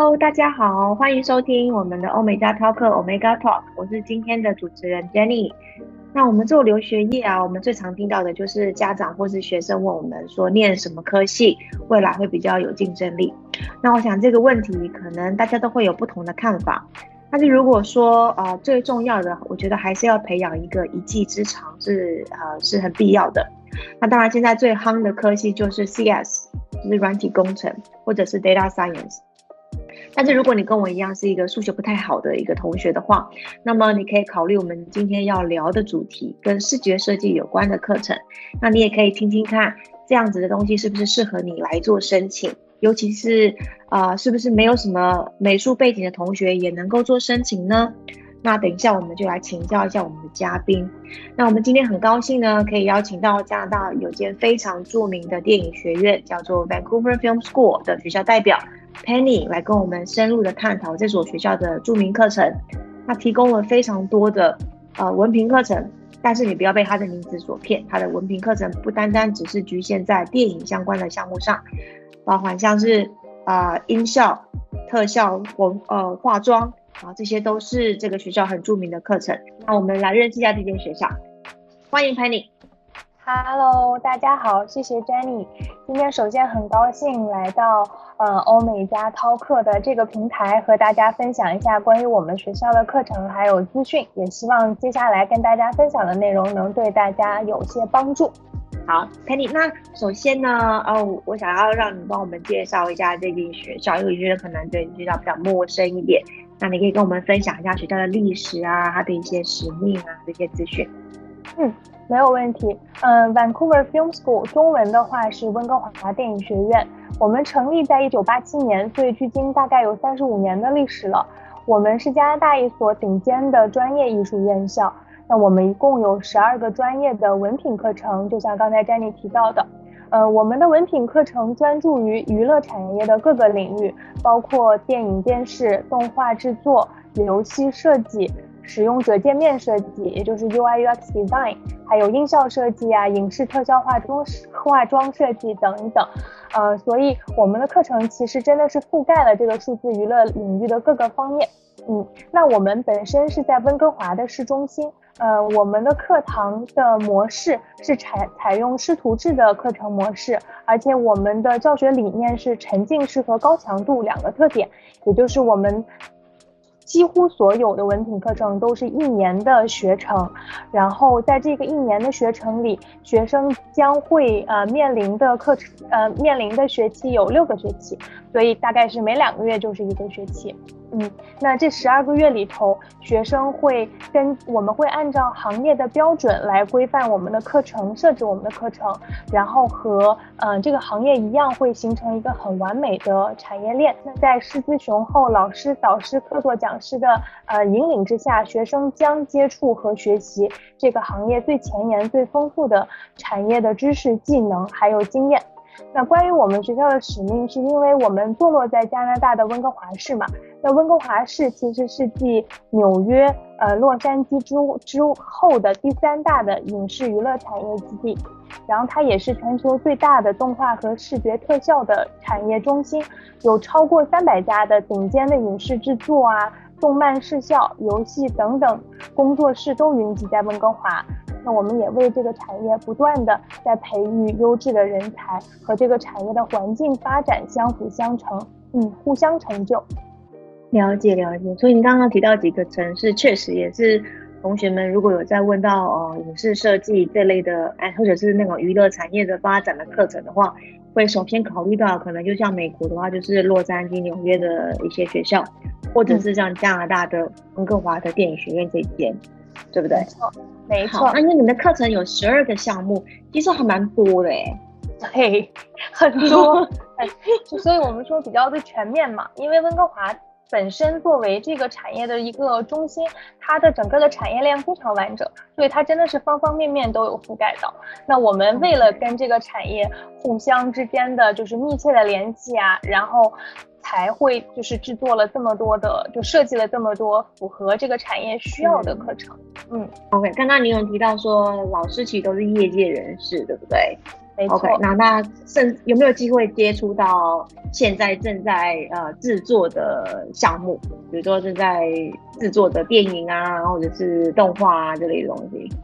Hello，大家好，歡迎收聽我們的歐美家 Talk，Omega Talk，我是今天的主持人 Jenny。那我們做留學業啊，我們最常聽到的就是家長或是學生問我們說，念什麼科系未來會比較有競爭力？那我想這個問題可能大家都會有不同的看法。但是如果說啊、呃，最重要的，我覺得還是要培養一個一技之長是啊、呃、是很必要的。那當然現在最夯的科系就是 CS，就是軟體工程或者是 Data Science。但是如果你跟我一樣是一個數學不太好的一個同學的話，那麼你可以考慮我們今天要聊的主題跟視覺設計有關的課程。那你也可以聽聽看，這樣子的東西是不是適合你來做申請？尤其是啊、呃，是不是沒有什麼美術背景的同學也能夠做申請呢？那等一下我們就來請教一下我們的嘉賓。那我們今天很高興呢，可以邀請到加拿大有間非常著名的電影學院，叫做 Vancouver Film School 的學校代表。Penny 來跟我們深入的探討這所學校的著名課程，它提供了非常多的呃文憑課程，但是你不要被它的名字所騙，它的文憑課程不單單只是局限在電影相關的項目上，包含像是啊、呃、音效、特效、呃化妝啊，這些都是這個學校很著名的課程。那我們來認識一下這間學校，歡迎 Penny。Hello，大家好，謝謝 Jenny。今天首先很高興來到呃歐美加 Talk 課的這個平台，和大家分享一下關於我們學校的課程還有資訊。也希望接下來跟大家分享的內容能對大家有些幫助。好，Penny，那首先呢，呃、哦，我想要讓你幫我們介紹一下這所學校，因為我覺得可能對你學校比較陌生一點。那你可以跟我們分享一下學校的歷史啊，它的一些使命啊，這些資訊。嗯，沒有問題。嗯、呃，Vancouver Film School 中文的話是溫哥華電影學院。我們成立在一九八七年，所以距今大概有三十五年的歷史了。我們是加拿大一所頂尖的專業藝術院校。那我們一共有十二個專業的文憑課程，就像剛才詹妮提到的。呃，我們的文憑課程專注於娛樂產業的各個領域，包括電影、電視、動畫製作、遊戲設計。使用者界面設計，也就是 UI UX design，還有音效設計啊、影視特效化妝、化妝設計等等，呃，所以我們的課程其實真的是覆蓋了這個數字娛樂領域的各個方面。嗯，那我們本身是在溫哥華的市中心，呃，我們的課堂的模式是採採用師徒制的課程模式，而且我們的教學理念是沉浸式和高強度兩個特點，也就是我們。幾乎所有的文憑課程都是一年的學程，然後在這個一年的學程裡，學生將會呃面臨的課程呃面臨的學期有六個學期。所以大概是每兩個月就是一個學期，嗯，那這十二個月裡頭，學生會跟我們會按照行業的標準來規範我們的課程，設置我們的課程，然後和呃這個行業一樣，會形成一個很完美的產業鏈。那在師資雄厚、老師、導師、客座講師的呃引領之下，學生將接觸和學習這個行業最前沿、最豐富的產業的知識、技能還有經驗。那關於我們學校的使命，是因為我們坐落在加拿大的溫哥華市嘛。那溫哥華市其實是繼紐約、呃，洛杉磯之之後的第三大的影視娛樂產業基地，然後它也是全球最大的動畫和視覺特效的產業中心，有超過三百家的頂尖的影視製作啊、動漫、視效、遊戲等等工作室都雲集在溫哥華。那我們也為這個產業不斷的在培育優質的人才，和這個產業的環境發展相輔相成，嗯，互相成就。了解了解。所以你剛剛提到幾個城市，確實也是同學們如果有在問到呃影視設計這類的，哎，或者是那種娛樂產業的發展的課程的話，會首先考慮到可能就像美國的話，就是洛杉磯、紐約的一些學校，或者是像加拿大的溫哥、嗯、華的電影學院這邊。對不對？沒錯，而且你們的課程有十二個項目，其實還蠻多的誒，對，很多。 哎，就所以我們說比較的全面嘛，因為溫哥華本身作為這個產業的一個中心，它的整個的產業鏈非常完整，所以它真的是方方面面都有覆蓋到。那我們為了跟這個產業互相之間的就是密切的聯繫啊，然後。才會就是製作了這麼多的，就設計了這麼多符合這個產業需要的課程。嗯、嗯，OK。剛剛你有提到說老師其實都是業界人士，對不對？沒錯。Okay, 那那甚有沒有機會接觸到現在正在呃製作的項目，比如說正在製作的電影啊，或者是動畫啊這類的東西？嗯。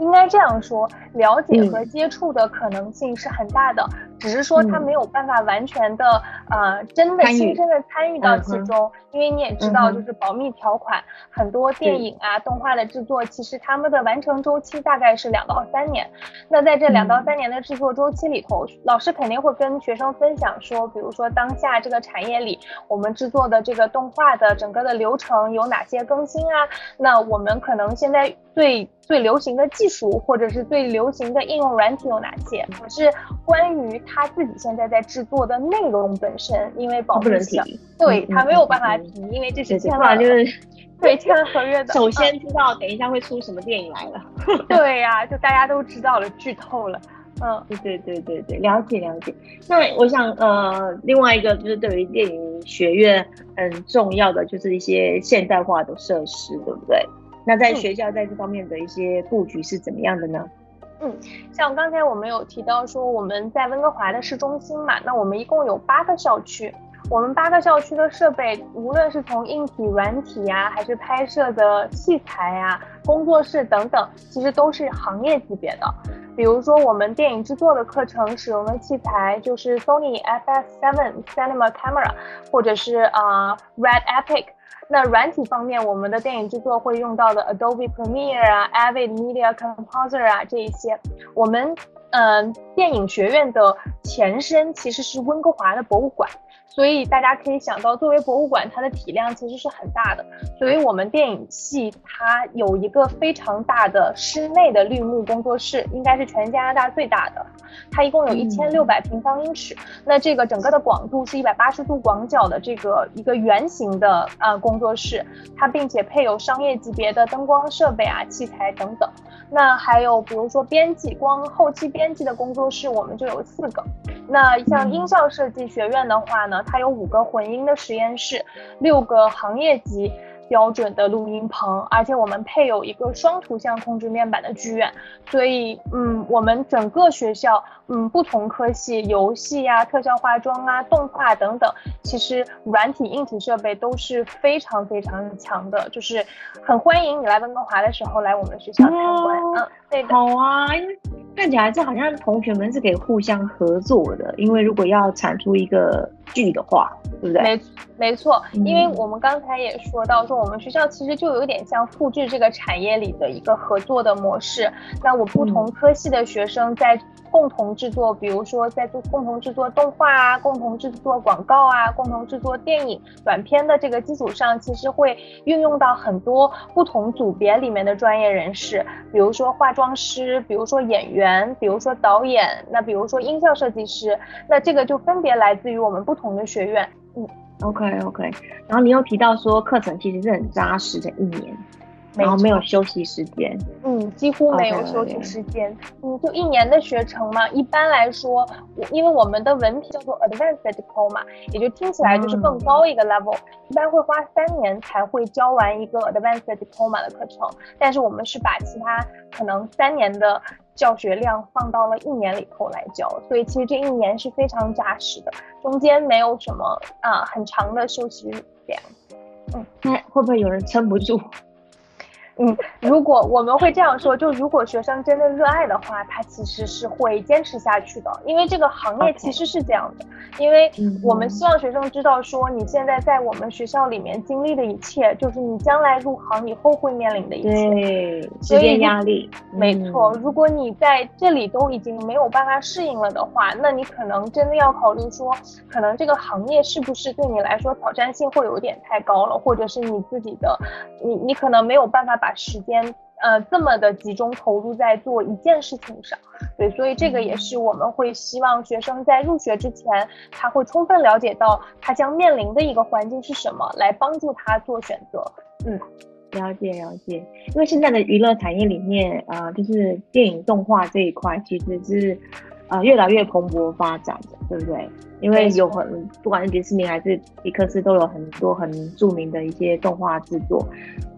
應該這樣說，了解和接觸的可能性是很大的。嗯只是說他沒有辦法完全的，嗯、呃，真的親身的參與到其中、嗯，因為你也知道，就是保密條款，嗯、很多電影啊、嗯、動畫的制作，其實他們的完成週期大概是兩到三年。那在這兩到三年的制作週期裡頭、嗯，老師肯定會跟學生分享說，比如說當下這個產業裡，我們制作的這個動畫的整個的流程有哪些更新啊？那我們可能現在最最流行的技術或者是最流行的應用軟體有哪些？嗯、可是關於他自己現在在制作的內容本身，因為保密提，對、嗯、他沒有辦法提，嗯、因為這是情況就是對簽、就是、了合約的。首先知道，等一下會出什麼電影來了。嗯、 對呀、啊，就大家都知道了，劇透了。嗯，對對對對對，了解了解。那我想呃，另外一個就是對於電影學院很重要的，就是一些現代化的設施，對不對？那在學校在這方面的一些布局是怎麼樣的呢？嗯嗯，像剛才我們有提到說我們在溫哥華的市中心嘛，那我們一共有八個校區，我們八個校區的設備，無論是從硬體、軟體呀、啊，還是拍攝的器材呀、啊、工作室等等，其實都是行業級別的。比如說我們電影制作的課程使用的器材就是 Sony FS7 Cinema Camera，或者是，呃，Red Epic。那軟體方面，我們的電影製作會用到的 Adobe Premiere 啊，Avid Media Composer 啊，這一些，我們，嗯、呃，電影學院的前身其實是溫哥華的博物館。所以大家可以想到，作為博物館，它的體量其實是很大的。所以我們電影系它有一個非常大的室內的綠幕工作室，應該是全加拿大最大的。它一共有一千六百平方英尺。那這個整個的廣度是一百八十度廣角的這個一個圓形的呃工作室，它並且配有商業級別的燈光設備啊、器材等等。那還有比如說編輯光後期編輯的工作室，我們就有四個。那像音效設計學院的話呢？它有五個混音的實驗室，六個行業級標準的錄音棚，而且我們配有一個雙圖像控制面板的劇院。所以，嗯，我們整個學校，嗯，不同科系，遊戲呀、啊、特效化妝啊、動畫等等，其實軟體、硬體設備都是非常非常強的。就是很歡迎你來溫哥華的時候來我們學校參觀。哦。嗯，對的。好啊。看起來這好像同學們是可以互相合作的，因為如果要產出一個劇的話，對不對？沒沒錯，因為我們剛才也說到說，我們學校其實就有點像複制這個產業裡的一個合作的模式。那我不同科系的學生在、嗯。共同制作，比如說在做共同制作動畫啊，共同制作廣告啊，共同制作電影短片的這個基礎上，其實會運用到很多不同組別裡面的專業人士，比如說化妝師，比如說演員，比如說導演，那比如說音效設計師，那這個就分別來自於我們不同的學院。嗯，OK OK。然後你又提到說，課程其實是很扎實的一年。然後沒有休息時間，嗯，幾乎沒有休息時間，嗯，就一年的學程嘛。一般來說我，因為我們的文憑叫做 Advanced Diploma，也就聽起來就是更高一個 level，、嗯、一般會花三年才會教完一個 Advanced Diploma 的課程。但是我們是把其他可能三年的教學量放到了一年裡頭來教，所以其實這一年是非常扎實的，中間沒有什麼啊很長的休息時間。嗯，那會不會有人撐不住？嗯，如果我們會這樣說，就如果學生真的熱愛的話，他其實是會堅持下去的，因為這個行業其實是這樣的。Okay. 因為我們希望學生知道說，你現在在我們學校裡面經歷的一切，就是你將來入行以後會面臨的一切。對，職業壓力。沒錯、嗯，如果你在這裡都已經沒有辦法適應了的話，那你可能真的要考慮說，可能這個行業是不是對你來說挑戰性會有點太高了，或者是你自己的，你你可能沒有辦法。把時間呃這麼的集中投入在做一件事情上，對，所以這個也是我們會希望學生在入學之前，他會充分了解到他將面臨的一個環境是什麼，來幫助他做選擇。嗯，了解了解，因為現在的娛樂產業裡面啊，呃，就是電影動畫這一塊其實，就是。呃、越來越蓬勃發展的，對不對？因為有很，不管是迪士尼還是皮克斯，都有很多很著名的一些動畫製作。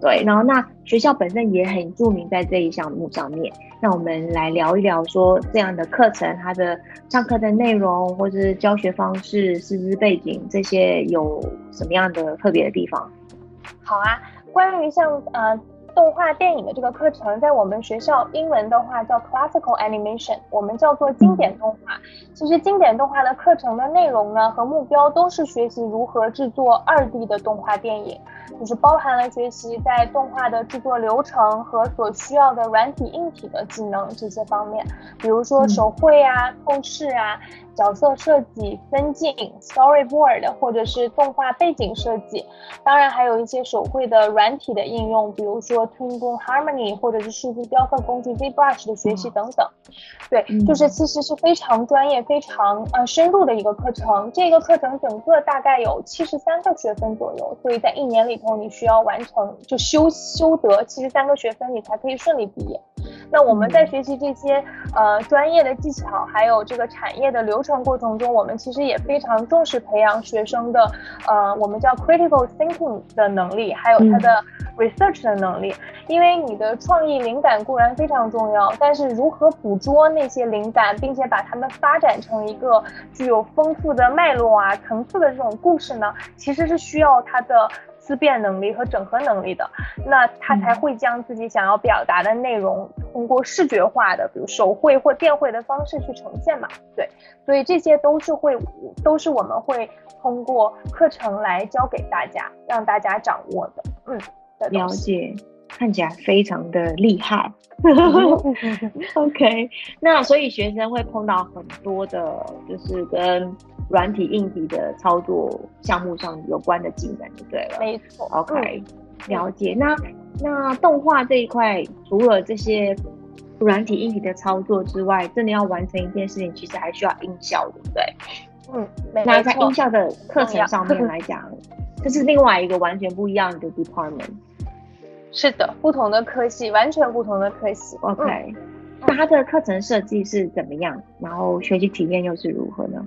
對，然後那學校本身也很著名在這一項目上面。那我們來聊一聊，說這樣的課程，它的上課的內容，或者是教學方式、師資背景這些有什麼樣的特別的地方？好啊，關於像呃。動畫電影的這個課程，在我們學校英文的話叫 classical animation，我們叫做經典動畫。其實經典動畫的課程的內容呢，和目標都是學習如何製作 2D 的動畫電影。就是包含了學習在動畫的制作流程和所需要的軟體、硬體的技能這些方面，比如說手繪啊、嗯、透視啊、角色設計、分鏡、Storyboard，或者是動畫背景設計，嗯、當然還有一些手繪的軟體的應用，比如說 Toon Boom Harmony，或者是數字雕刻工具 ZBrush 的學習等等。哦、對、嗯，就是其實是非常專業、非常呃深入的一個課程。這個課程整個大概有七十三個學分左右，所以在一年裡。以後你需要完成，就修修得七十三個學分，你才可以順利畢業。那我們在學習這些呃專業的技巧，還有這個產業的流程過程中，我們其實也非常重視培養學生的呃我們叫 critical thinking 的能力，還有他的 research 的能力、嗯。因為你的創意靈感固然非常重要，但是如何捕捉那些靈感，並且把它們發展成一個具有豐富的脈絡啊、層次的這種故事呢？其實是需要它的。思辨能力和整合能力的，那他才會將自己想要表達的內容，嗯，通過視覺化的，比如手繪或電繪的方式去呈現嘛？對，所以這些都是會，都是我們會通過課程來教給大家，讓大家掌握的。嗯，了解，看起來非常的厲害， 嗯。OK，那所以學生會碰到很多的，就是跟。軟體硬體的操作項目上有關的技能就對了。沒錯。OK，嗯，了解。那那動畫這一塊，除了這些軟體硬體的操作之外，真的要完成一件事情，其實還需要音效，對不對？嗯，沒錯。那在音效的課程上面來講，嗯，這是另外一個完全不一樣的 department。是的，不同的科系，完全不同的科系。OK，嗯，那它的課程設計是怎麼樣？然後學習體驗又是如何呢？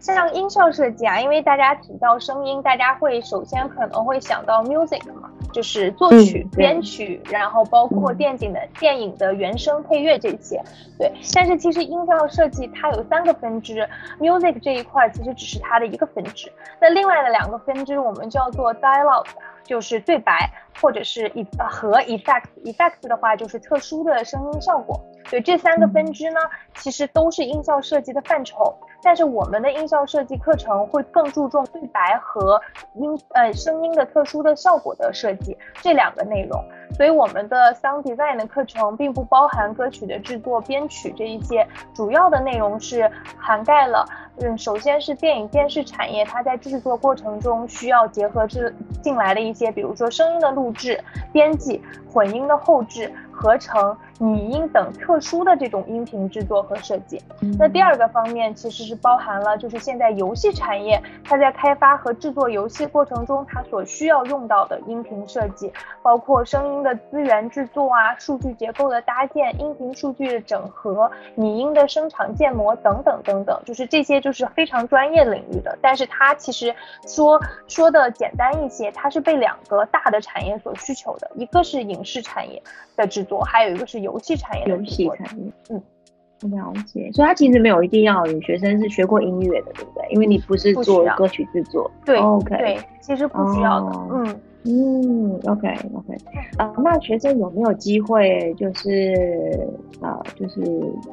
像音效設計啊，因為大家提到聲音，大家會首先可能會想到 music 嘛，就是作曲、嗯、編曲，然後包括電影的電影的原聲配樂這些。對，但是其實音效設計它有三個分支、嗯，music 這一塊兒其實只是它的一個分支。那另外的兩個分支我們叫做 dialogue，就是對白，或者是 e 和 effects、嗯。effects 的話就是特殊的聲音效果。對，這三個分支呢，其實都是音效設計的範疇。但是我們的音效設計課程會更注重對白和音，呃，聲音的特殊的效果的設計這兩個內容，所以我們的 sound design 的課程並不包含歌曲的製作、編曲這一些，主要的內容是涵蓋了，嗯，首先是電影電視產業它在制作過程中需要結合制進來的一些，比如說聲音的錄制、編輯、混音的後製、合成。擬音等特殊的這種音頻制作和設計，那第二個方面其實是包含了，就是現在遊戲產業它在開發和制作遊戲過程中，它所需要用到的音頻設計，包括聲音的資源制作啊、數據結構的搭建、音頻數據的整合、擬音的聲場建模等等等等，就是這些就是非常專業領域的。但是它其實說說的簡單一些，它是被兩個大的產業所需求的，一個是影視產業的制作，還有一個是。遊戲產業，遊戲產業，嗯，了解。所以，他其實沒有一定要，你學生是學過音樂的，對不對？因為你不是做歌曲制作，對，OK，對，其實不需要的，哦，嗯嗯，OK OK，呃，那學生有沒有機會，就是呃，就是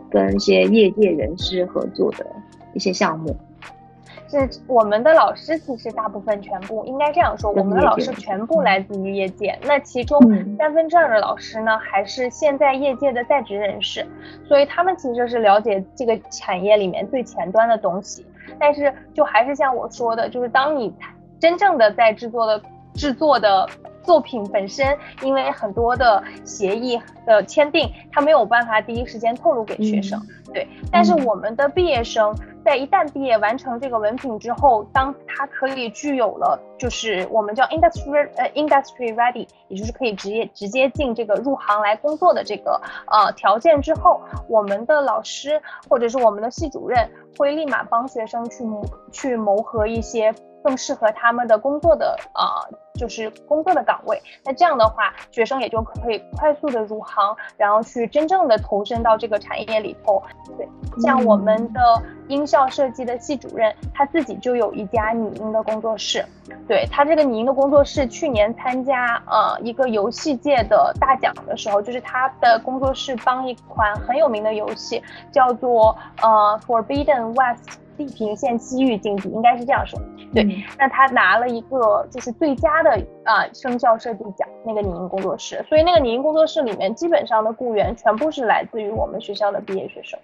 跟一些業界人士合作的一些項目？是我們的老師，其實大部分，全部應該這樣說，我們的老師全部來自於業界。業界那其中三分之二的老師呢，嗯，還是現在業界的在職人士，所以他們其實是了解這個產業裡面最前端的東西，但是就還是像我說的，就是當你真正的在制作的製作的。作品本身，因為很多的協議的簽訂，他沒有辦法第一時間透露給學生。嗯。對，但是我們的畢業生在一旦畢業完成這個文憑之後，當他可以具有了，就是我們叫 industry 呃、uh, industry ready，也就是可以直接直接進這個入行來工作的這個呃條件之後，我們的老師或者是我們的系主任會立馬幫學生去去媒合一些。更適合他們的工作的啊、呃，就是工作的崗位。那這樣的話，學生也就可以快速的入行，然後去真正的投身到這個產業裡頭。對，像我們的音效設計的系主任，他自己就有一家擬音的工作室。對，他這個擬音的工作室，去年參加呃一個遊戲界的大獎的時候，就是他的工作室幫一款很有名的遊戲叫做呃《Forbidden West》。地平線西域禁地，應該是這樣說，對、嗯。那他拿了一個就是最佳的啊聲、呃、效設計獎，那個擬音工作室。所以那個擬音工作室裡面，基本上的僱員全部是來自於我們學校的畢業學生。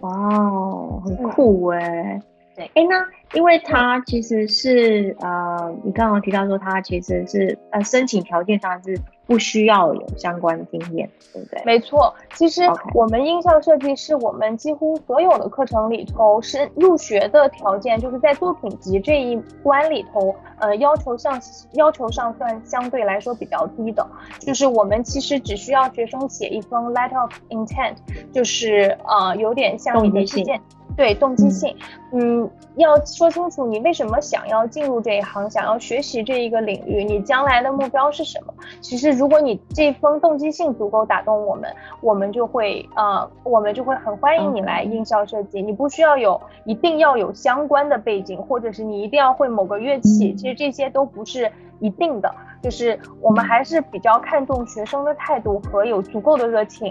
哇、哦，很酷哎、欸嗯。對，哎，那因為他其實是呃，你剛剛提到說他其實是呃，申請條件上是。不需要有相關的經驗，對不對？沒錯，其實我們音效設計是我們幾乎所有的課程裡頭是入學的條件，就是在作品集這一關裡頭，呃，要求上要求上算相對來說比較低的，就是我們其實只需要學生寫一封 letter of intent，就是呃，有點像你的推薦。對，動機信，嗯，要說清楚你為什麼想要進入這一行，想要學習這一個領域，你將來的目標是什麼？其實，如果你這封動機信足夠打動我們，我們就會，呃，我們就會很歡迎你來音效設計。Okay. 你不需要有，一定要有相關的背景，或者是你一定要會某個樂器。其實這些都不是一定的，就是我們還是比較看重學生的態度和有足夠的熱情。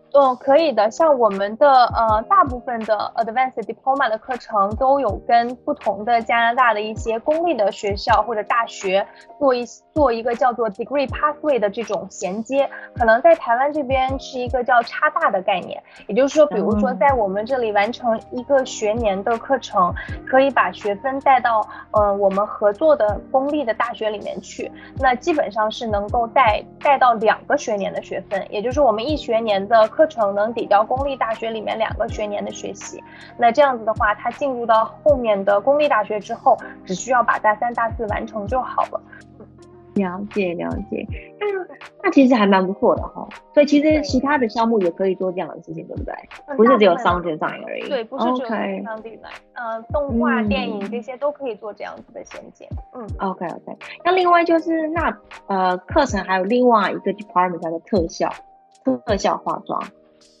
嗯，可以的。像我們的呃，大部分的 Advanced Diploma 的課程都有跟不同的加拿大的一些公立的學校或者大學做一做一個叫做 Degree Pathway 的這種銜接。可能在台灣這邊是一個叫插大的概念，也就是說，比如說在我們這裡完成一個學年的課程，可以把學分帶到呃我們合作的公立的大學裡面去。那基本上是能夠帶帶到兩個學年的學分，也就是我們一學年的課。課程能抵掉公立大學裡面兩個學年的學習，那這樣子的話，他進入到後面的公立大學之後，只需要把大三、大四完成就好了。了解了解，嗯，那其實還蠻不錯的哈、哦。所以其實其他的項目也可以做這樣的事情，對，對不對？不是只有 sound design 而已，嗯。對，不是只有 sound design 嗯、動畫、嗯、電影這些都可以做這樣子的銜接。嗯，OK OK。那另外就是那呃，課程還有另外一個 department 叫做特效。特效化妝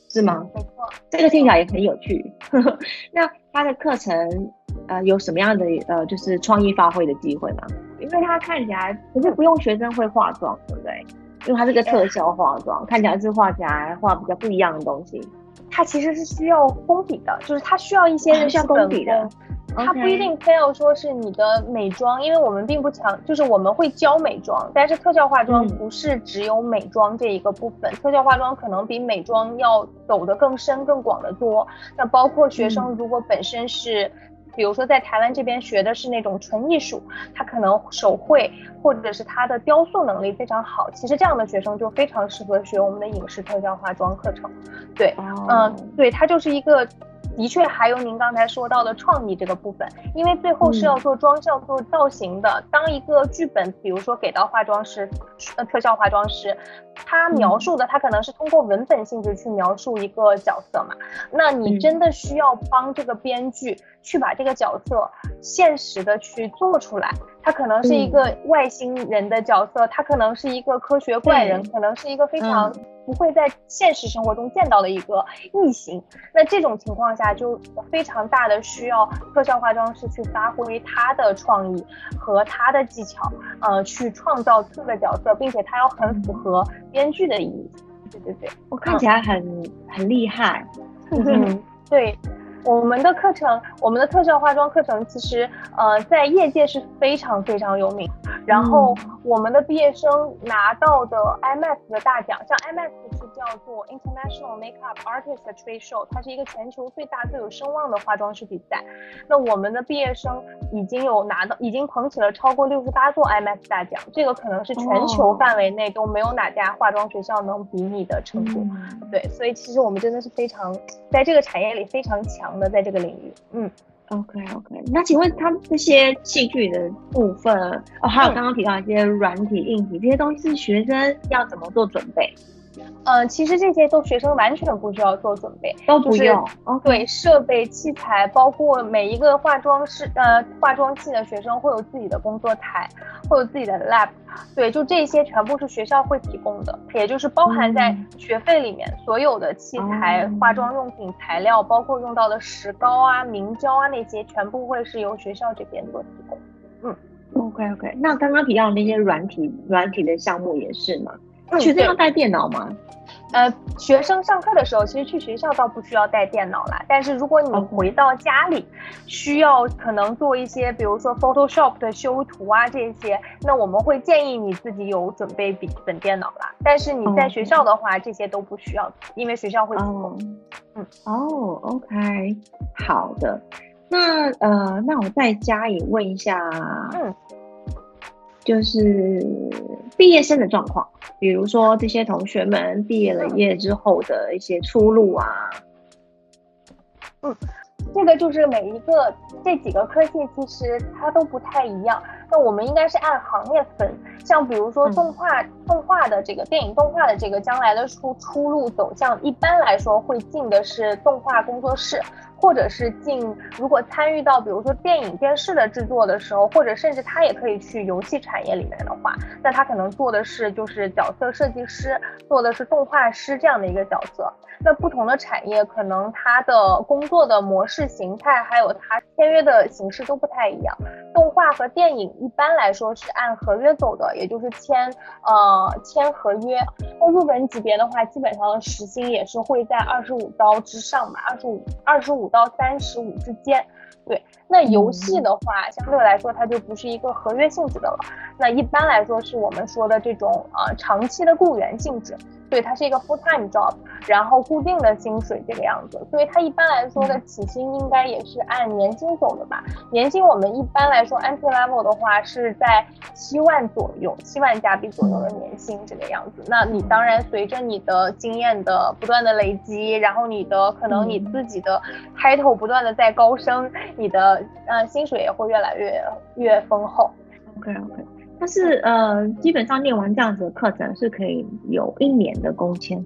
是嗎、嗯？這個聽起來也很有趣。 那他的課程呃，有什麼樣的呃，就是創意發揮的機會嗎？因為他看起來不是不用學生會化妝，對不對？因為它是個特效化妝，嗯、看起來是畫起來畫比較不一樣的東西。嗯、它其實是需要功底的，就是它需要一些像功底的。嗯嗯嗯它、okay. 不一定非要說是你的美妝，因為我們並不強，就是我們會教美妝，但是特效化妝不是只有美妝這一個部分，嗯、特效化妝可能比美妝要走得更深更廣得多。那包括學生如果本身是、嗯，比如說在台灣這邊學的是那種純藝術，他可能手繪或者是他的雕塑能力非常好，其實這樣的學生就非常適合學我們的影視特效化妝課程。對，哦、嗯，對，它就是一個。的確，還有您剛才說到的創意這個部分，因為最後是要做妝效、嗯、做造型的。當一個劇本，比如說給到化妝師、呃特效化妝師，他描述的、嗯、他可能是通過文本性質去描述一個角色嘛？那你真的需要幫這個編劇去把這個角色現實的去做出來。他可能是一個外星人的角色，嗯、他可能是一個科學怪人，嗯、可能是一個非常。嗯不會在現實生活中見到的一個異形，那這種情況下就非常大的需要特效化妝師去發揮他的創意和他的技巧，呃，去創造這個角色，並且他要很符合編劇的意義。對對對，我看起來很、嗯、很厲害。嗯，嗯對。我們的課程，我們的特效化妝課程其實，呃，在業界是非常非常有名。然後，我們的畢業生拿到的 IMAX 的大獎，像 IMAX 是叫做 International Makeup Artist Trade Show，它是一個全球最大最有聲望的化妝師比賽。那我們的畢業生已經有拿到，已經捧起了超過六十八座 IMAX 大獎，這個可能是全球範圍內都沒有哪家化妝學校能比擬的成果。嗯、對，所以其實我們真的是非常，在這個產業裡非常強。在這個領域，嗯，OK OK，那請問他們這些器具的部分，哦，還、嗯、有剛剛提到一些軟體、硬體這些東西，是學生要怎麼做準備？嗯，其實這些都學生完全不需要做準備，都不用。就是 okay. 對，設備器材包括每一個化妝師、呃化妝系的學生會有自己的工作台，會有自己的 lab，對，就這些全部是學校會提供的，也就是包含在學費裡面，所有的器材、嗯、化妝用品、材料，包括用到的石膏啊、明膠啊那些，全部會是由學校這邊做提供。嗯，OK OK，那剛剛提到的那些軟體軟體的項目也是嗎？去學校帶電腦嗎？嗯？呃，學生上課的時候，其實去學校倒不需要帶電腦了。但是如果你回到家裡，oh. 需要可能做一些，比如說 Photoshop 的修圖啊這些，那我們會建議你自己有準備筆記本電腦了。但是你在學校的話，oh. 這些都不需要，因為學校會提供。Oh. 嗯哦、oh,，OK，好的。那呃，那我在家也問一下。嗯。就是畢業生的狀況，比如說這些同學們畢業了業之後的一些出路啊，嗯，這個就是每一個這幾個科系其實它都不太一樣。那我們應該是按行業分，像比如說動畫動畫的這個電影動畫的這個將來的出出路走向，一般來說會進的是動畫工作室。或者是進，如果參與到比如說電影、電視的製作的時候，或者甚至他也可以去遊戲產業裡面的話，那他可能做的是就是角色設計師，做的是動畫師這樣的一個角色。那不同的產業可能他的工作的模式形態，還有他簽約的形式都不太一樣。動畫和電影一般來說是按合約走的，也就是簽呃簽合約。那入門級別的話，基本上的時薪也是會在二十五刀之上吧，二十五、二十五。25, 25到三十五之間，對。那遊戲的話，相對來說它就不是一個合約性質的了。那一般來說是我們說的這種啊長期的僱員性質，對，它是一個 full time job，然後固定的薪水這個樣子。所以它一般來說的起薪應該也是按年薪走的吧？年薪我們一般來說 entry level 的話是在七萬左右，七萬加幣左右的年薪這個樣子。那你當然隨着你的經驗的不斷的累積，然後你的可能你自己的 title 不斷的在高升，你的呃、嗯，薪水也會越來越越豐厚。OK OK，但是呃，基本上念完這樣子的課程是可以有一年的工簽。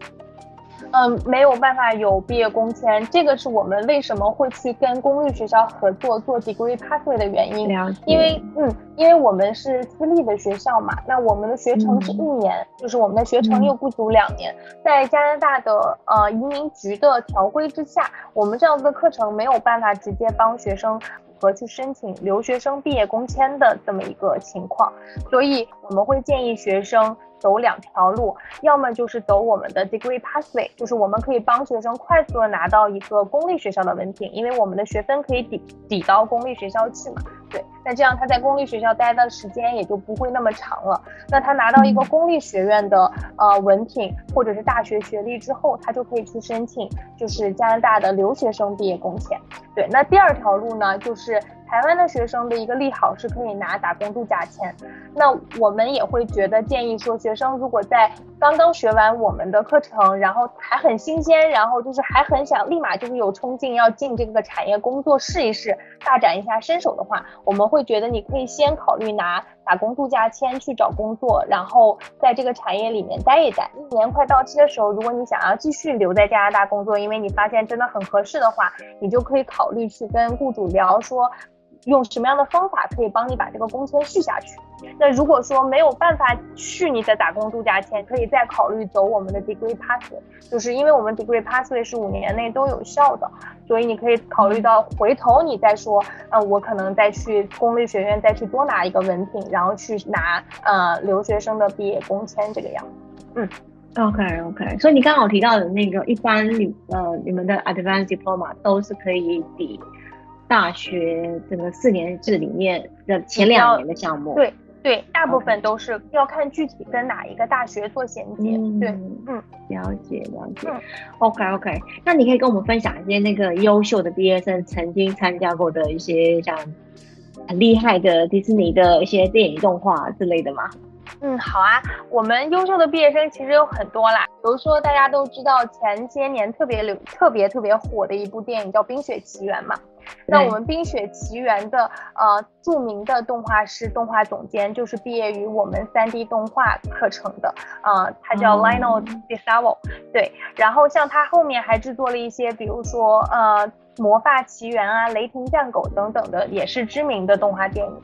嗯，沒有辦法有畢業工簽，這個是我們為什麼會去跟公立學校合作做 degree pathway 的原因。因為嗯，因為我們是私立的學校嘛，那我們的學程是一年、嗯，就是我們的學程又不足兩年，嗯、在加拿大的呃移民局的條規之下，我們這樣子的課程沒有辦法直接幫學生。和去申請留學生畢業工簽的這麼一個情況，所以我們會建議學生。走兩條路，要麼就是走我們的 degree pathway，就是我們可以幫學生快速的拿到一個公立學校的文憑，因為我們的學分可以抵抵到公立學校去嘛。對，那這樣他在公立學校待的時間也就不會那麼長了。那他拿到一個公立學院的呃文憑或者是大學學歷之後，他就可以去申請就是加拿大的留學生畢業工簽。對，那第二條路呢，就是。台灣的學生的一個利好是可以拿打工度假簽，那我們也會覺得建議說，學生如果在。剛剛學完我們的課程，然後還很新鮮，然後就是還很想立馬就是有衝勁要進這個產業工作試一試，大展一下身手的話，我們會覺得你可以先考慮拿打工度假簽去找工作，然後在這個產業裡面待一待。一年快到期的時候，如果你想要繼續留在加拿大工作，因為你發現真的很合適的話，你就可以考慮去跟僱主聊說，用什麼樣的方法可以幫你把這個工簽續下去？那如果說沒有辦法續，你在打工度假簽可以再考慮走我們的 degree pass。就是因為我們 degree pathway 是五年內都有效的，所以你可以考慮到回頭你再說，嗯嗯、我可能再去公立學院再去多拿一個文憑，然後去拿呃留學生的畢業工簽這個樣子。嗯，OK OK。所以你剛剛我提到的那個，一般你呃你們的 advanced diploma 都是可以抵。大學這個四年制裡面的前兩年的項目，對對，大部分都是要看具體跟哪一個大學做銜接。嗯、對，嗯，了解了解、嗯。OK OK，那你可以跟我們分享一些那個優秀的畢業生曾經參加過的一些像很厲害的迪士尼的一些電影動畫之類的嗎？嗯，好啊，我們優秀的畢業生其實有很多啦。比如說，大家都知道前些年特別流、特別特別火的一部電影叫《冰雪奇緣》嘛。那我們《冰雪奇緣》的呃著名的動畫師、動畫總監就是畢業於我們 3D 動畫課程的啊，呃，他叫 Lino、嗯、De Savo 對，然後像他後面還制作了一些，比如說呃《魔髮奇緣》啊、《雷霆戰狗》等等的，也是知名的動畫電影。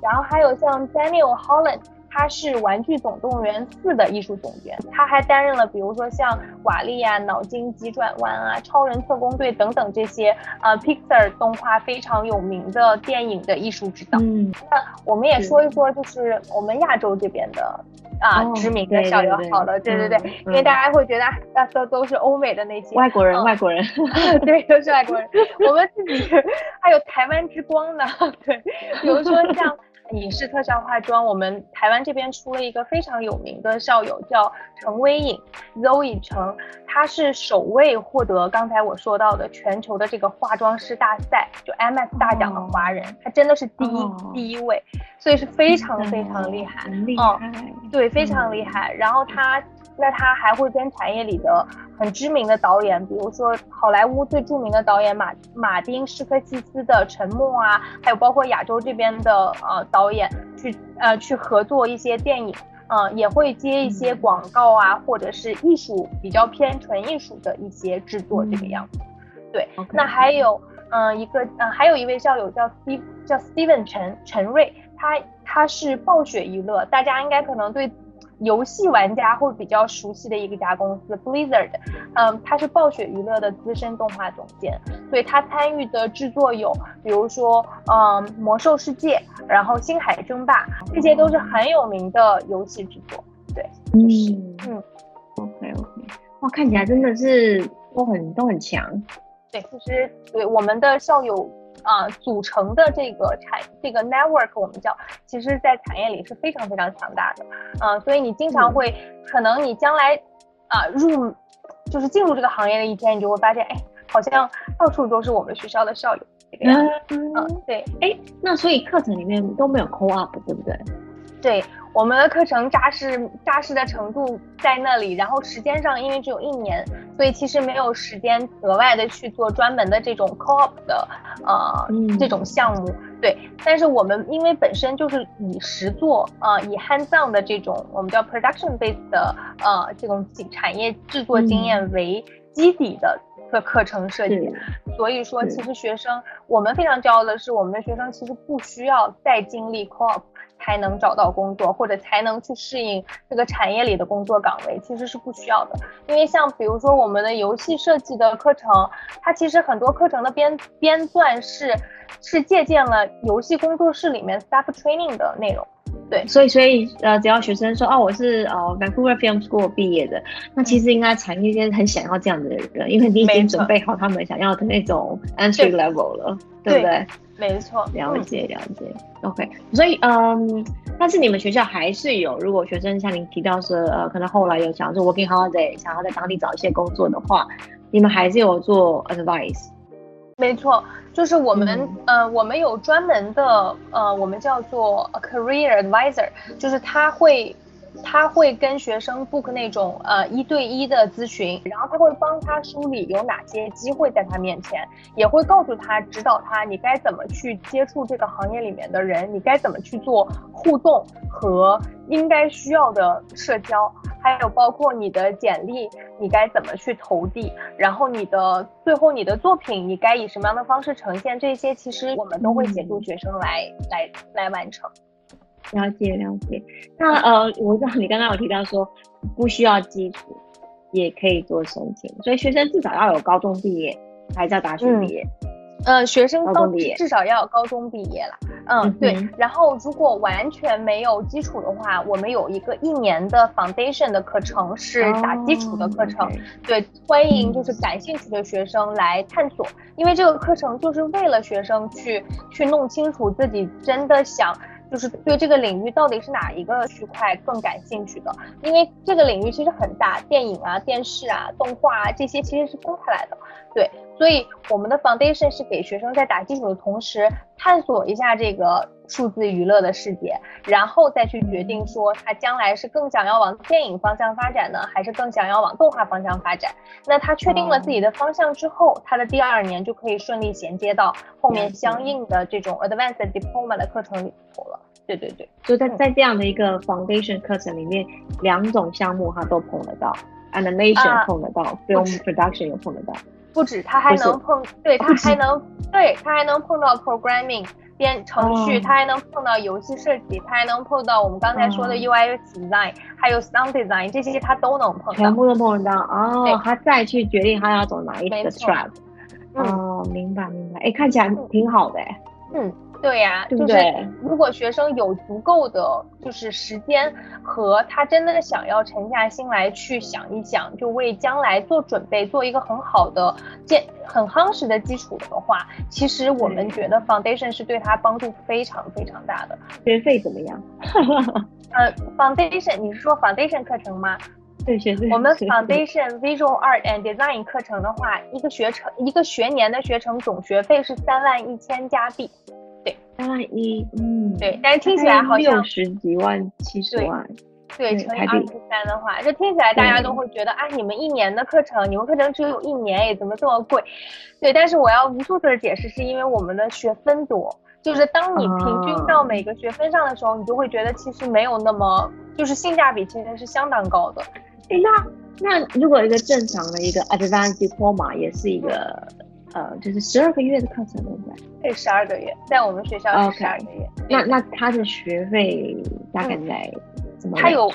然後還有像 Daniel Holland。他是《玩具總動員四》的藝術總監，他還擔任了，比如說像《瓦力》啊、《腦筋急轉彎》啊、《超人特工隊》等等這些呃 Pixar 動畫非常有名的電影的藝術指導。嗯，那我們也說一說，就是我們亞洲這邊的啊、嗯呃，知名的校友好了，哦，對對對，對，對，對，對，對，對，嗯，因為大家會覺得那都，嗯、都是歐美的那些外國人，外國人，哦，國人 對，都，就是外國人， 我們自己還有台灣之光呢，對，比如說像。 影視特效化妝，我們台灣這邊出了一個非常有名的校友，叫陳威穎，Zoe 陳，她是首位獲得剛才我說到的全球的這個化妝師大賽，就 MS 大獎的華人，她、哦、真的是第一、哦、第一位，所以是非常非常厲害，嗯哦厲害哦、厲害，對，非常厲害。然後她。那他還會跟產業裡的很知名的導演，比如說好萊塢最著名的導演馬馬丁·斯科西斯的《沉默》啊，還有包括亞洲這邊的呃導演去呃去合作一些電影，呃，也會接一些廣告啊，或者是藝術比較偏純藝術的一些製作，嗯、這個樣子。對，okay. 那還有嗯、呃、一個嗯、呃、還有一位校友叫 Steve 叫 Steven 陳陳瑞，他他是暴雪娛樂，大家應該可能對。遊戲玩家會比較熟悉的一家公司 Blizzard，嗯，他是暴雪娛樂的資深動畫總監，所以他參與的制作有，比如說，嗯，《魔獸世界》，然後《星海爭霸》，這些都是很有名的遊戲制作。對，嗯，就是、嗯，OK OK，哇，看起來真的是都很都很強。對，其實、就是、對我們的校友。啊，組成的這個產這個 network，我們叫，其實，在產業裡是非常非常強大的。啊，所以你經常會，嗯、可能你將來，啊入，就是進入這個行業的一天，你就會發現，哎，好像到處都是我們學校的校友。這個、樣子嗯嗯、啊，對。哎，那所以課程裡面都沒有 co-op，對不對？對。我們的課程扎實，扎實的程度在那裡，然後時間上因為只有一年，所以其實沒有時間額外的去做專門的這種 co-op 的，呃、嗯，這種項目。對，但是我們因為本身就是以實作，呃，以 hands-on 的這種我們叫 production-based 的呃這種產業制作經驗為基底的。嗯嗯的課程設計，嗯，所以說其實學生，嗯，我們非常驕傲的是，我們的學生其實不需要再經歷 Co-op 才能找到工作，或者才能去適應這個產業裡的工作崗位，其實是不需要的。因為像比如說我們的遊戲設計的課程，它其實很多課程的編編撰是是借鑑了遊戲工作室裡面 Staff Training 的內容。對，所以所以呃，只要學生說哦、啊，我是呃、uh, Vancouver Film School 畢業的，那其實應該產業界很想要這樣的人，嗯，因為你已經準備好他們想要的那種 entry level 了，對不對？對沒錯，嗯。了解，了解，OK。所以嗯，um, 但是你們學校還是有，如果學生像您提到說呃，可能後來有想說 working holiday，想要在當地找一些工作的話，你們還是有做 advice。沒錯，就是我們、嗯，呃，我們有專門的，呃，我們叫做、A、career advisor，就是他會。他會跟學生 book 那種呃一對一的諮詢，然後他會幫他梳理有哪些機會在他面前，也會告訴他，指導他，你該怎麼去接觸這個行業裡面的人，你該怎麼去做互動和應該需要的社交，還有包括你的簡歷，你該怎麼去投遞，然後你的最後你的作品，你該以什麼樣的方式呈現，這些其實我們都會協助學生來、嗯、來來完成。了解了解，那呃，我知道你剛剛有提到說不需要基礎也可以做申請，所以學生至少要有高中畢業還是大學畢業？嗯，呃、學生高，高至少要有高中畢業了。嗯，嗯，對。然後如果完全沒有基礎的話，我們有一個一年的 foundation 的課程是打基礎的課程。Oh, okay. 對，歡迎就是感興趣的學生來探索，嗯、因為這個課程就是為了學生去去弄清楚自己真的想。就是對這個領域到底是哪一個區塊更感興趣的，因為這個領域其實很大，電影啊、電視啊、動畫啊這些其實是分開來的。對，所以我們的 foundation 是給學生在打基礎的同時，探索一下這個數字娛樂的世界，然後再去決定說他將來是更想要往電影方向發展呢，還是更想要往動畫方向發展。那他確定了自己的方向之後，他的第二年就可以順利銜接到後面相應的這種 advanced diploma 的課程裡頭了。對對對，就在在這樣的一個 foundation 課程裡面，嗯、兩種項目他都碰得到，animation 碰、啊、得到，film、哦、production 也碰得到，不止他還能碰，對他還能、哦、對他還能碰到 programming 編程序，他、哦、還能碰到遊戲設計，他還能碰到我們剛才說的 UI、哦、design，還有 sound design 這些他都能碰到，全部都碰得到，是是是哦，他再去決定他要走哪一個 track，、嗯、哦，明白明白，哎，看起來挺好的嗯。嗯對呀、啊，就是如果學生有足夠的就是時間和他真的想要沉下心來去想一想，就為將來做準備，做一個很好的建很夯實的基礎的話，其實我們覺得 foundation 是對他幫助非常非常大的。學費怎麼樣？呃、 uh,，foundation 你是說 foundation 課程嗎？對，學費我們 foundation visual art and design 課程的話，一個學程一個學年的學程總學費是三萬一千加幣。對三萬一，嗯，對，但是聽起來好像十幾萬、七十萬。對，對，乘以二十三的話，就聽起來大家都會覺得啊，你們一年的課程，你們課程只有一年，也怎麼這麼貴？對，但是我要無數次的解釋，是因為我們的學分多，就是當你平均到每個學分上的時候，啊，你就會覺得其實沒有那麼，就是性價比其實是相當高的。對，那那如果一個正常的一個 Advanced Diploma 也是一個？嗯呃，就是十二個月的課程對不對？對，十二個月，在我們學校是十二個月。Okay. 那那他的學費大概在、嗯、怎麼？他有，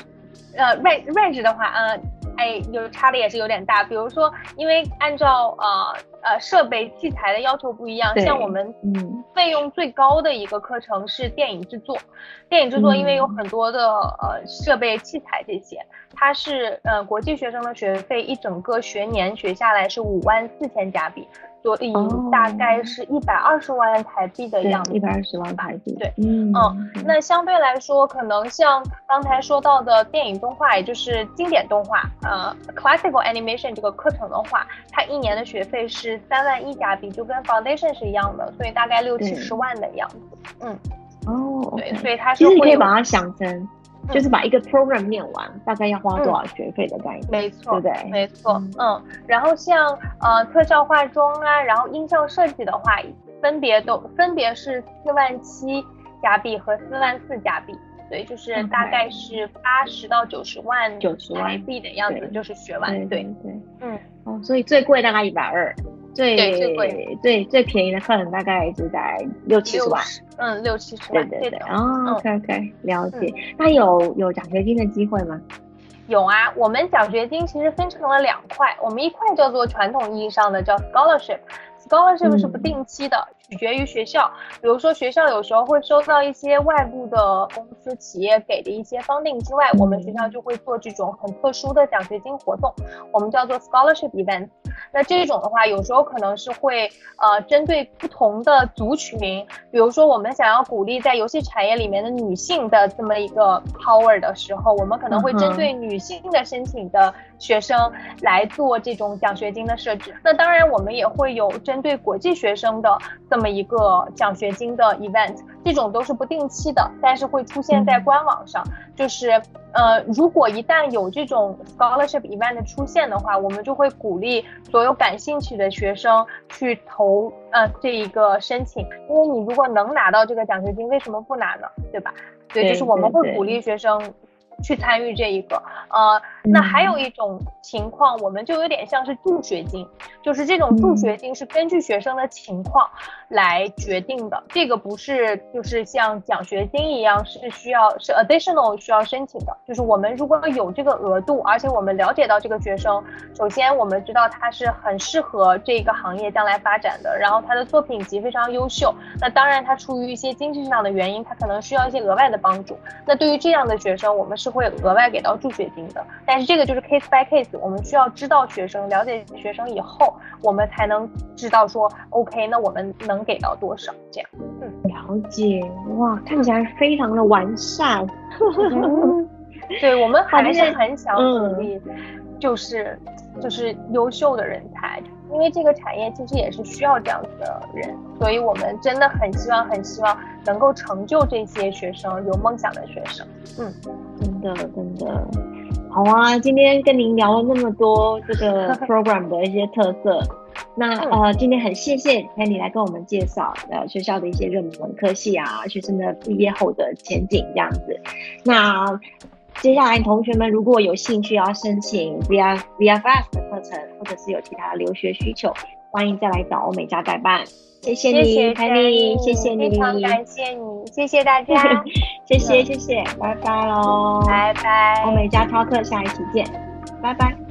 呃，range 的話，呃，哎，就是差的也是有點大。比如說，因為按照呃呃設備器材的要求不一樣，像我們，嗯，費用最高的一個課程是電影製作。電影製作因為有很多的、嗯、呃設備器材這些，它是呃國際學生的學費一整個學年學下來是五萬四千加幣。所以大概是一百二十萬台幣的樣子，一百二十萬台幣。對嗯，嗯，那相對來說，可能像剛才說到的電影動畫，也就是經典動畫，呃，classical animation 這個課程的話，它一年的學費是三萬一加幣，就跟 foundation 是一樣的，所以大概六七十萬的樣子。嗯，哦，okay, 對，所以它是會其實你可以把它想成。就是把一個 program 念完，大概要花多少學費的概念？沒錯，嗯，對不對？沒錯，嗯，然後像呃特效化妝啊，然後音效設計的話，分別都分別是四萬七加幣和四萬四加幣，對，就是大概是八十到九十萬，九十萬加幣的樣子，就是學完，嗯、對對，嗯，哦，所以最貴大概一百二。最最最最便宜的課程大概就在六七十萬，嗯，六七十萬。對對對，然後、哦、okay, OK 了解，那有有獎學金的機會嗎？有啊，我們獎學金其實分成了兩塊，我們一塊叫做傳統意義上的叫 scholarship，scholarship 是不定期的。嗯取決於學校，比如說學校有時候會收到一些外部的公司、企業給的一些 funding 之外，我們學校就會做這種很特殊的獎學金活動，我們叫做 scholarship events。那這種的話，有時候可能是會呃針對不同的族群，比如說我們想要鼓勵在遊戲產業裡面的女性的這麼一個 power 的時候，我們可能會針對女性的申請的學生來做這種獎學金的設置。那當然，我們也會有針對國際學生的。這麼一個獎學金的 event，這種都是不定期的，但是會出現在官網上。嗯、就是呃，如果一旦有這種 scholarship event 出現的話，我們就會鼓勵所有感興趣的學生去投呃這一個申請。因為你如果能拿到這個獎學金，為什麼不拿呢？對吧？對，對就是我們會鼓勵學生去參與這一個。呃、嗯，那還有一種情況，我們就有點像是助學金，就是這種助學金是根據學生的情況。嗯嗯來決定的，這個不是就是像獎學金一樣，是需要是 additional 需要申請的。就是我們如果有這個額度，而且我們了解到這個學生，首先我們知道他是很適合這個行業將來發展的，然後他的作品集非常優秀。那當然他出於一些經濟上的原因，他可能需要一些額外的幫助。那對於這樣的學生，我們是會額外給到助學金的。但是這個就是 case by case，我們需要知道學生、了解學生以後，我們才能知道說 OK，那我們能。能給到多少這樣？嗯、了解，哇，看起來非常的完善。 對，我們還是很想努力，就是就是優秀的人才，因為這個產業其實也是需要這樣子的人，所以我們真的很希望很希望能夠成就這些學生，有夢想的學生。嗯，真的真的好啊！今天跟您聊了那麼多，這個 program 的一些特色。 那呃，今天很謝謝 Penny 來跟我們介紹呃學校的一些熱門文科系啊，學生的畢業後的前景這樣子。那接下來同學們如果有興趣要申請 V F V F S 的課程，或者是有其他留學需求，歡迎再來找歐美加代辦。謝謝你 Penny，謝謝你，非常感謝你，謝謝大家， 謝謝、嗯、謝謝，拜拜嘍，拜拜，歐美加超課，下一期見，拜拜。